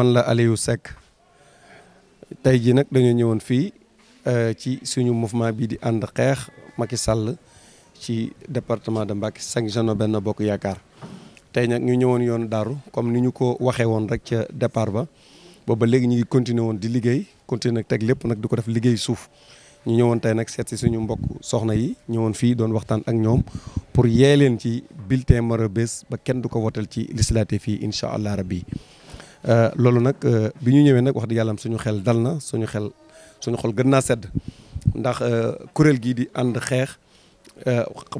man la yu Seck tey jii nag dañoo ñëwoon fii euh, ci suñu mouvement bii di ànd xeex Macky Sall ci departement de Mbacké sanctionné benn bokk yaakaar tey nag ñu ñëwoon yoon daaru comme ni ñu ko waxee woon rek ca départ ba booba léegi ñu ngi continuer woon di liggéey continuer nag teg lépp nag du ko def liggéey suuf ñu ñëwoon tey nag seet si suñu mbokk soxna yi ñëwoon fii doon waxtaan ak ñoom pour yee leen ci bulletin mara ba kenn du ko wotal ci législatif yi incha allah rabbi Euh, loolu nag euh, bi ñu ñëwee nag wax di yàlla suñu xel dal na suñu xel suñu xol gën naa sedd ndax euh, kuréel gii di ànd xeex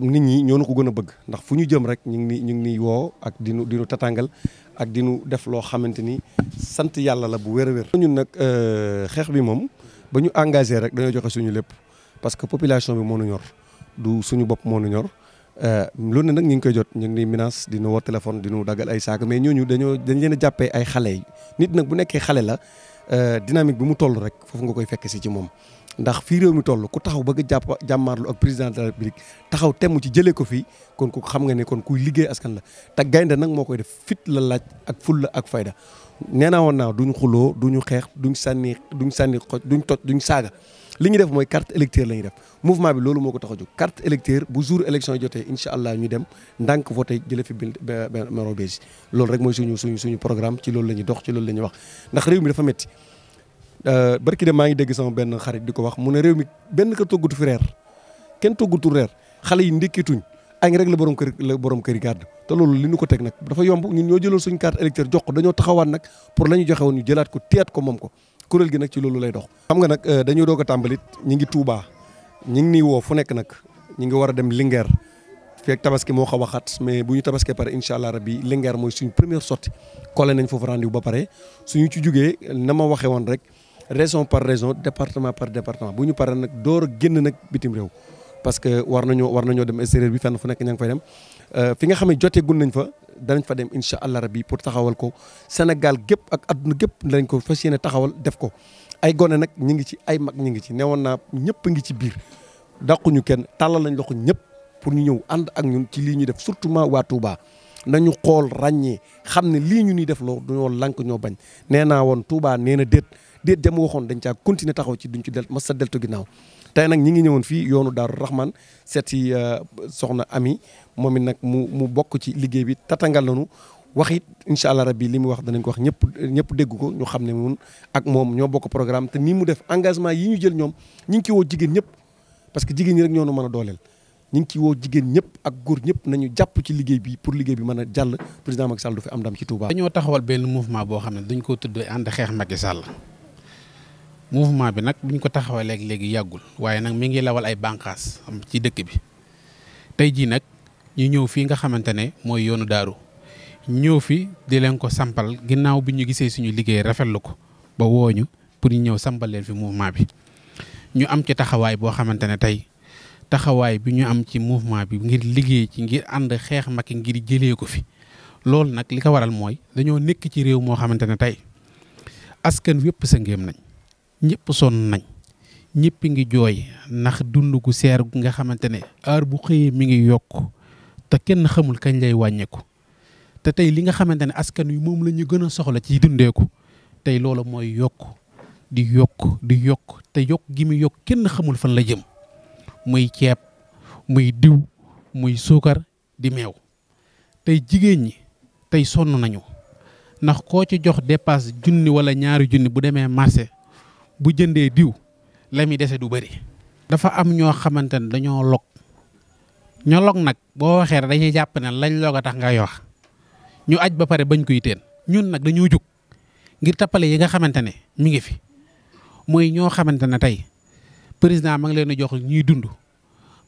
nit ñi ñoo nu ko gën a bëgg ndax fu ñu jëm rek ñu ngi ñu ngi woo ak di nu di nu tatangal ak dinu def loo xamante ni sant yàlla la bu wér a wér. ñun nag xeex bi moom ba ñu engagé rek dañoo joxe suñu lépp parce que population bi moo nu ñor du suñu bopp moo nu ñor. Euh, lu ne nag ñu ngi koy jot ñu ngi ni menace di téléphone di nu daggal ay saak mais ñooñu dañoo dañ leen a jàppee ay xale yi nit nag bu nekkee xale la euh, dynamique bi mu toll rek foofu nga koy fekk si ci moom. ndax fii réew mi toll ku taxaw bagg jàpp jàmmaarlu ak président de la république taxaw temm ci jëlee ko fii kon ku xam nga ne kon kuy liggéey askan la te gaynde nag moo koy def fit la laaj ak ful la ak fayda nee naa woon naa duñ xuloo duñu xeex duñ sànni duñ sànni xoj duñ toj duñ saaga li ñu def mooy carte électeur la ñu def mouvement bi loolu moo ko tax a jóg carte électeur bu jour élection yi jotee incha allah ñu dem ndànk voté jëlee fi marron beige loolu rek mooy suñu suñu suñu programme ci loolu la ñuy dox ci loolu la ñuy wax ndax réew mi dafa métti euh, barki de maa ngi dégg sama benn xarit di ko wax mu ne réew benn kër toggutu fi reer kenn toggutu reer xale yi ndékkituñ añ rek la kër borom kër gàdd te loolu li ñu ko teg nag dafa yomb ñun ñoo jëloon suñu carte électeur jox ko dañoo taxawaat nag pour la ñu joxe ñu jëlaat ko teyaat ko moom ko kuréel gi nag ci loolu lay dox. xam nga nag euh, dañuy doog a tàmbalit ñi ngi Touba ñi ngi nii woo fu nekk nag ñi ngi war a dem Linguère feek tabaski moo xaw a xat mais bu ñu tabaskee pare incha allah bi Linguère mooy suñ première sortie collé nañ foofu rendez-vous ba pare suñu ci jugee na ma waxee woon rek région par région département par département bu ñu paree nag door génn nag bitim réew. parce que war nañoo war nañoo dem extérieur bi fenn fu nekk ña ngi fay dem euh, fi nga xam ne jotee gun nañ fa danañ fa dem incha allah rabbi pour taxawal ko Sénégal gépp ak adduna gépp danañ ko fas yéene taxawal def ko ay gone nag ñu ngi ci ay mag ñu ngi ci newoon naa ñëpp ngi ci biir dàquñu kenn tàllal lañ loxo ñëpp pour ñu ñëw ànd ak ñu ci lii ñuy def surtout waa Touba nañu xool ràññee xam ne lii ñu ñuy def loo duñoo lank ñoo bañ nee naa woon Touba nee na déet déet jam waxoon dañ caa continuer taxaw ci duñ ci del mas sa deltu ginnaaw tey nag ñi ngi ñëwoon fii yoonu Daaru Rahman seet si euh, soxna Ami moom it nag mu mu bokk ci liggéey bi tatangal nañu wax it incha allah rabbi li mu wax danañ ko wax ñëpp ñëpp dégg ko ñu xam ne mun ak moom ñoo bokk programme te nii mu def engagement yi ñu jël ñoom ñi ngi ci jigéen ñëpp parce que jigéen ñi rek ñoo nu mën a dooleel ñi ngi ci woo jigéen ñëpp ak góor ñëpp nañu jàpp ci liggéey bi pour liggéey bi mën a jàll président Macky Sall du fi am ndam ci Touba. dañoo taxawal benn mouvement boo xam ne dañ koo tuddee ànd xeex Macky Sall mouvement bi nag bi ñu ko taxawee léegi léegi yàggul waaye nag mi ngi lawal ay bànqaas ci dëkk bi tey jii nag ñu ñëw fii nga xamante ne mooy yoonu daaru ñëw fi di leen ko sampal ginnaaw bi ñu gisee suñu liggéey rafetlu ko ba wooñu pour ñu ñëw sampal leen fi mouvement bi ñu am ci taxawaay boo xamante ne tey taxawaay bi ñu am ci mouvement bi ngir liggéey ci ngir ànd xeex Macky ngir jëlee ko fi loolu nag li ko waral mooy dañoo nekk ci réew moo xamante ne tey askan wépp sa ngéem nañ ñëpp sonn nañ ñëpp ngi jooy ndax dund gu seer gu nga xamante ne heure bu xëyee mi ngi yokk te kenn xamul kañ lay wàññeeku te tey li nga xamante ne askan wi moom la ñu gën a soxla ci dundeeku tey loolu mooy yokk di yokk di yokk te yokk gi mu yokk kenn xamul fan la jëm muy ceeb muy diw muy suukar di meew tey jigéen ñi tey sonn nañu ndax koo ci jox dépasse junni wala ñaari junni bu demee marché bu jëndee diw la muy dese du bëri. dafa am ñoo xamante ne dañoo log ñoo log nag boo waxee dañuy jàpp ne lañ log a tax ngay wax ñu aj ba pare bañ koy teen ñun nag dañoo jug ngir tappale yi nga xamante ne mi ngi fi mooy ñoo xamante ne tey président ma ngi leen a jox ñuy dund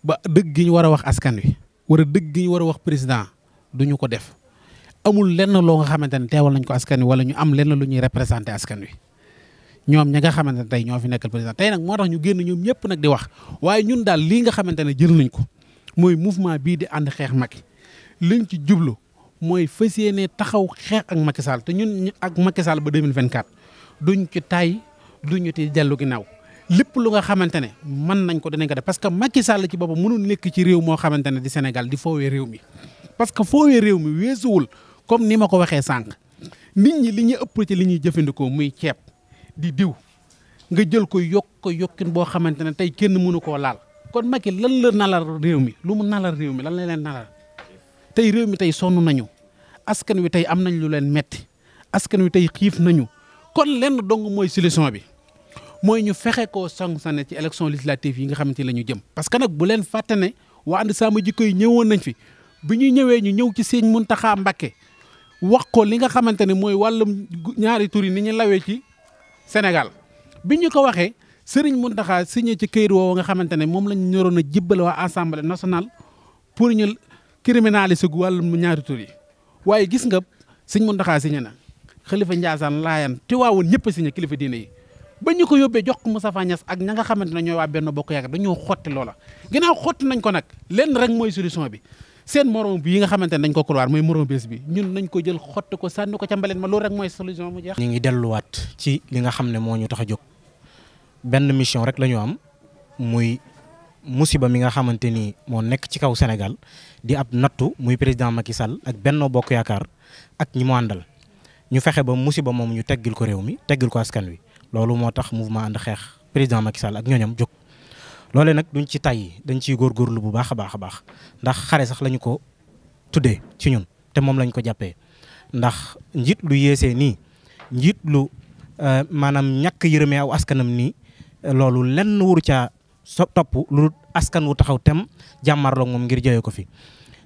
ba dëgg gi ñu war a wax askan wi wala dëgg gi ñu war a wax président duñu ko def amul lenn loo nga xamante ne teewal nañ ko askan wi wala ñu am lenn lu ñuy représenté askan wi. ñoom ñi nga xamante ne tey ñoo fi nekkal président tey nag moo tax ñu génn ñoom ñëpp nag di wax waaye ñun daal lii nga xamante ne jël nañ ko mooy mouvement bii di ànd xeex Macky liñ ci jublu mooy fas yéene taxaw xeex ak Macky Sall te ñun ak Macky Sall ba 2024 duñ ci tay duñu ci dellu ginnaaw lépp lu nga xamante ne mën nañ ko dinañ ko def parce que Macky Sall ci boppam mënul nekk ci réew moo xamante ne di Sénégal di foowee réew mi parce que foowee réew mi weesuwul comme ni ma ko waxee sànq nit li ñu ëpp ci li ñuy jëfandikoo muy ceeb di diw nga jël ko yokk ko yokkin boo xamante ne tey kenn mënu koo laal. kon Macky lan la nalar réew mi lu mu nalar réew mi lan la leen nalar tey réew mi tey sonn nañu askan wi tey am nañ lu leen metti askan wi tey xiif nañu kon lenn dong mooy solution bi mooy ñu fexe koo sanctionné ci élection législative yi nga xamanti ne la ñu jëm. parce que nag bu leen fàtte ne waa ànd Samm Jikko Yi ñëwoon nañ fi bi ñuy ñëwee ñu ñëw ci sëñ taxaa Mbàkke wax ko li nga xamante ne mooy wàllum ñaari tur ni ñu lawee ci Sénégal bi ñu ko waxee Serigne Mountakha signé ci këyit woowu nga xamante ne moom lañ ñoroon a jibbal waa assemblée nationale pour ñu criminaliser gu wàllum ñaari tur yi waaye gis nga Serigne Mountakha signé na xalifa Ndiassane te Tiwaawoon ñëpp a signé kilifa diine yi. ba ñu ko yóbbee jox ko Moustapha Niass ak ña nga xamante ne ñooy waa benn bokk yaakaar dañoo xotti loola ginnaaw xotti nañ ko nag lenn rek mooy solution bi seen morom bi yi nga xamante ne dañ ko couloir mooy morom bés bi ñun nañ ko jël xotti ko sànni ko ca mbalit ma loolu rek mooy solution mu jeex. ñu ngi delluwaat ci li nga xam ne moo ñu tax a jóg benn mission rek la am muy musiba mi nga xamante ni moo nekk ci kaw Sénégal di ab nattu muy président Macky Sall ak benn Bokk Yaakaar ak ñi mu àndal ñu fexe ba musiba moom ñu teggil ko réew mi teggil ko askan wi loolu moo tax mouvement ànd xeex président Macky ak ñooñam jóg. loole nag duñ ci tay dañ ciy góorgóorlu bu baax a baax a baax ndax xare sax lañu ko tuddee ci ñun te moom lañ ko jàppee ndax njiit lu yeesee nii njiit lu euh, maanaam ñàkk yërëmee aw askanam ni loolu lenn wuru caa so topp lu askan wu taxaw tem jàmmarloo moom ngir jëyee ko fi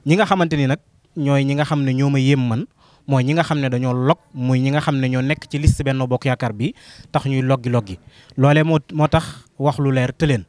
ñi nga xamante ni nag ñooy ñi nga xam ne ñoo ma yéem man mooy ñi nga xam ne dañoo log muy ñi nga xam ne ñoo nekk ci list benn bokk yaakaar bi tax ñuy loggi loggi loole moo moo tax wax lu leer te leen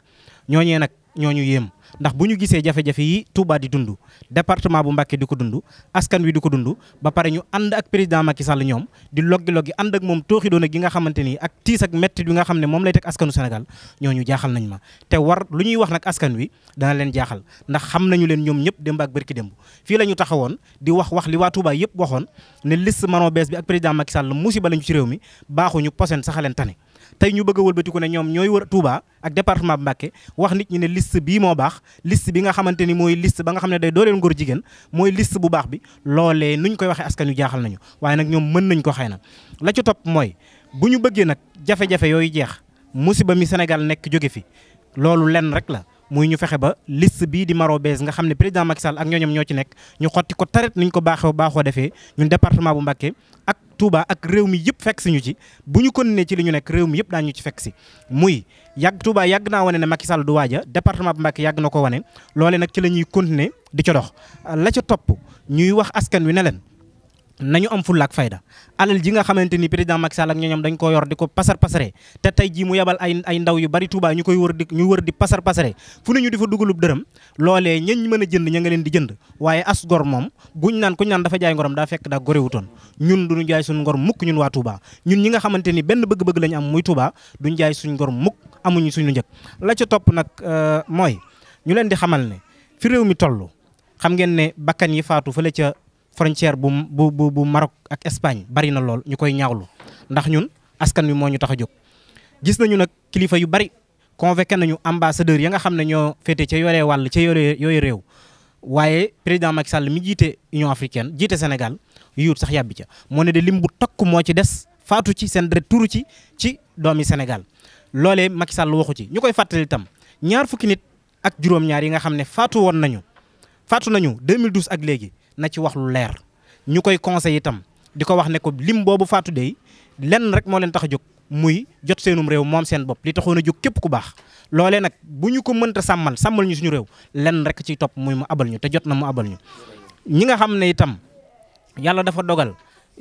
ñooñee nag ñooñu yéem ndax bu ñu gisee jafe-jafe yi Touba di dundu département bu Mbacké di ko dund askan wi di ko dund ba pare ñu ànd ak président Macky Sall ñoom di loggi loggi ànd ak moom tooxi doona gi nga xamante ni ak tiis ak métti bi nga xam ne lay teg askanu Sénégal ñooñu jaaxal nañ ma te war lu ñuy wax nag askan wi dana leen jaaxal ndax xam nañu leen ñoom ñëpp démb ak bërki démb fii la ñu taxawoon di wax wax li waa Touba yëpp waxoon ne liste mano bees bi ak président Macky Sall musiba lañu ci réew mi baaxuñu posen saxaleen tane tey ñu bëgg a wëlbatiku ne ñoom ñooy war a Touba ak département Mbacké wax nit ñi ne list bii moo baax liste bi nga xamante ni mooy liste ba nga xam ne day dooleel ngóor jigéen mooy liste bu baax bi loole nu nuñ koy waxee askan yu jaaxal nañu waaye nag ñoom mën nañ ko xay na la ca topp mooy bu ñu bëggee nag jafe-jafe yooyu jeex musiba mi Sénégal nekk jóge fi loolu lenn rek la muy ñu fexe ba liste bi di Maro Bees nga xam ne président Macky Sall ak ñooñom ñoo ci nekk ñu xotti ko taret niñ ko baaxoo baaxoo defee ñun département bu Mbacké ak Touba ak réew mi yëpp fekk si ñu ci bu ñu continuer ci li ñu nekk réew mi yëpp daañu ci fekk si muy yàgg Touba yàgg naa wane ne Macky Sall du waaja département bu Mbacké yàgg na ko wane loole nag ci la ñuy continuer di ca dox la ca topp ñuy wax askan wi ne leen nañu am fulla ak fayda alal ji nga xamante ni président Macky Sall ak ñoom dañ ko yor di ko pasar pasare te tey jii mu fu ne ñu di fa dugalub dërëm loolee ñañ mën a jënd ña nga leen di jënd waaye as gor moom buñ naan kuñ naan dafa jaay ngorom daa fekk daa gorewutoon ñun duñu jaay suñ ngor mukk ñun waa Touba ñun ñi nga xamante ni benn bëgg-bëgg lañu am muy Touba duñ jaay suñ ngor mukk amuñu suñu njëkk la ca topp nag euh, mooy ñu leen di xamal ne fi réew mi toll xam ngeen ne bakkan yi faatu fële frontière bu bu bu bu Maroc ak Espagne bari na lool ñu koy ñaawlu ndax ñun askan wi moo ñu tax a jóg. gis nañu nag kilifa yu bari convoqué nañu ambassadeur ya nga xam ne ñoo féete ca yore wàll ca yore yooyu réew waaye président Macky Sall mi jiite Union africaine jiite Sénégal yuut sax yàbbi ca moo ne de lim bu takku moo ci des faatu ci seen deret tuuru ci ci doomi Sénégal loole Macky Sall waxu ci ñu koy fàttali itam ñaar fukki nit ak juróom-ñaar yi nga xam ne faatu woon nañu faatu nañu 2012 ak léegi na ci wax lu leer ñu koy conseil itam di ko wax ne ko lim boobu faatu dey lenn rek moo leen tax a jóg muy jot seenum réew moom seen bopp li taxoon a jóg képp ku baax loolee nag bu ñu ko mënta sàmmal sàmmal ñu suñu réew lenn rek ci topp muy mu abal ñu te jot na mu abal ñu ñi nga xam ne itam yàlla dafa dogal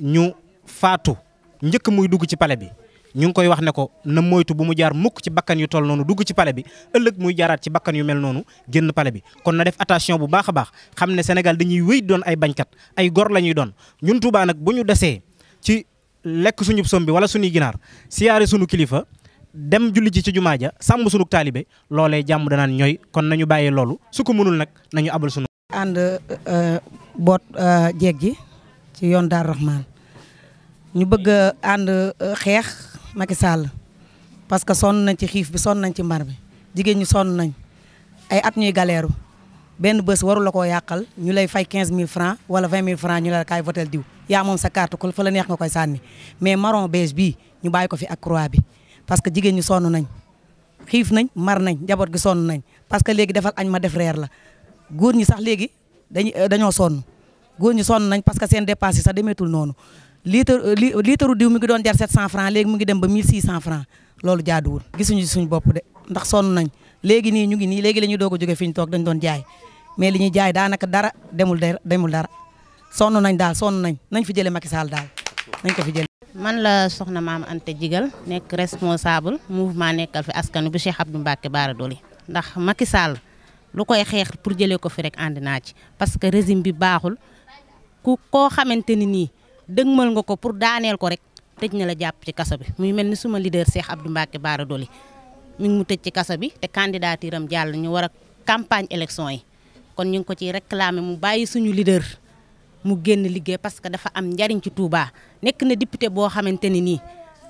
ñu faatu njëkk muy dugg ci pale bi ñu ngi koy wax ne ko na moytu bu mu jaar mukk ci bakkan yu toll noonu dugg ci pale bi ëllëg muy jaaraat ci bakkan yu mel noonu génn pale bi kon na def attention bu baax a baax xam ne Sénégal dañuy wéy doon ay bañkat ay gor lañuy doon ñun Tuubaa nag bu ñu desee ci lekk suñu som bi wala suñuy ginaar siyaare suñu kilifa dem julli ji ci jumaa ja sàmm sunu taalibe loolee jàmm danaan ñooy kon nañu bàyyi loolu su ko mënul nag nañu abal sunu ànd euh, boot jeeg euh, ji ci yoon Daaru ñu bëgg euh, ànd xeex Macky la parce que sonn nañ ci xiif bi sonn nañ ci mbar bi jigéen ñi sonn nañ ay at ñuy galeeru benn bés waru la koo yàqal ñu lay fay quinze 15000 francs wala vingt 20000 francs ñu la kaay votel diw yaa moom sa carte ko fa la neex nga koy sànni mais marron beige bii ñu bàyyi ko fi ak croix bi parce que jigéen ñi sonn nañ xiif nañ mar nañ njaboot gi sonn nañ parce que léegi defal añ ma def reer la góor ñi sax léegi dañu dañoo sonn góor ñi sonn nañ parce que seen dépense yi sax demeetul noonu litre euh, litre diw mi ngi doon jar 700 francs léegi mu ngi dem ba 1600 francs loolu jaaduwul gisuñu ci suñu bopp de ndax sonn nañ léegi nii ñu ngi nii léegi la ñuy doog a fi ñu toog dañ doon jaay mais li ñuy jaay daanaka dara demul dara demul dara sonn nañ daal sonn nañ nañ fi jëlee Macky Sall daal nañ ko fi jëlee. man la soxna maam Anta Jigal nekk responsable mouvement nekkal fi askanu bu Cheikh Abdou Mbacké Bara Dolly ndax Macky lu koy xeex pour jëlee ko fi rek ci parce que régime bi baaxul koo xamante ni nii. dëgmal nga ko pour daaneel ko rek tëj na la jàpp ci kaso bi muy mel ni suma leader Cheikh Abdou Mbacke Bara Dolly mu ngi mu tëj ci kaso bi te candidature am jàll ñu war a campagne élection yi kon ñu ngi ko ciy réclamer mu bàyyi suñu leader mu génn liggéey parce que dafa am njariñ ci tuubaa nekk na député boo xamante ne nii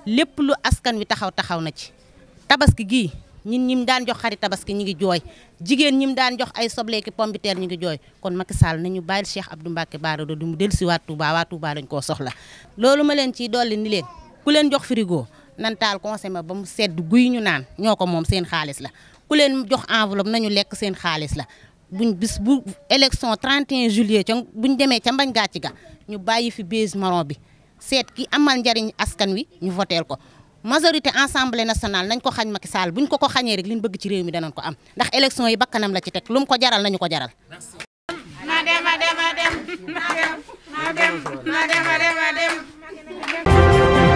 lépp lu askan wi taxaw taxaw na ci tabaski gii ñun ñim daan jox xari tabaski ñu ngi jooy jigéen ñim daan jox ay sobleeki pombiteer ñu ngi jooy kon Macky saal nañu bàyyil Cheikh Abdou Mbacké Bara Dolly mu dellusi waat Touba waa Touba lañ koo soxla loolu ma leen ciy dolli ni leen ku leen jox frigo nan taal consommé ba mu sedd guy ñu naan ñoo ko moom seen xaalis la ku leen jox enveloppe nañu lekk seen xaalis la buñ bis bu élection 31 juillet ca buñ demee ca mbañ gàcc ga ñu bàyyi fi base marron bi seet ki amal njariñ askan wi ñu voteel ko majorité assemblée nationale nañ ko xañ Macky Sall buñ ko ko xañee rek liñ bëgg ci réew mi danañ ko am ndax élection yi bakkanam la ci teg lu ko jaral nañu ko jaral. na dem na dem na dem na dem na dem na dem.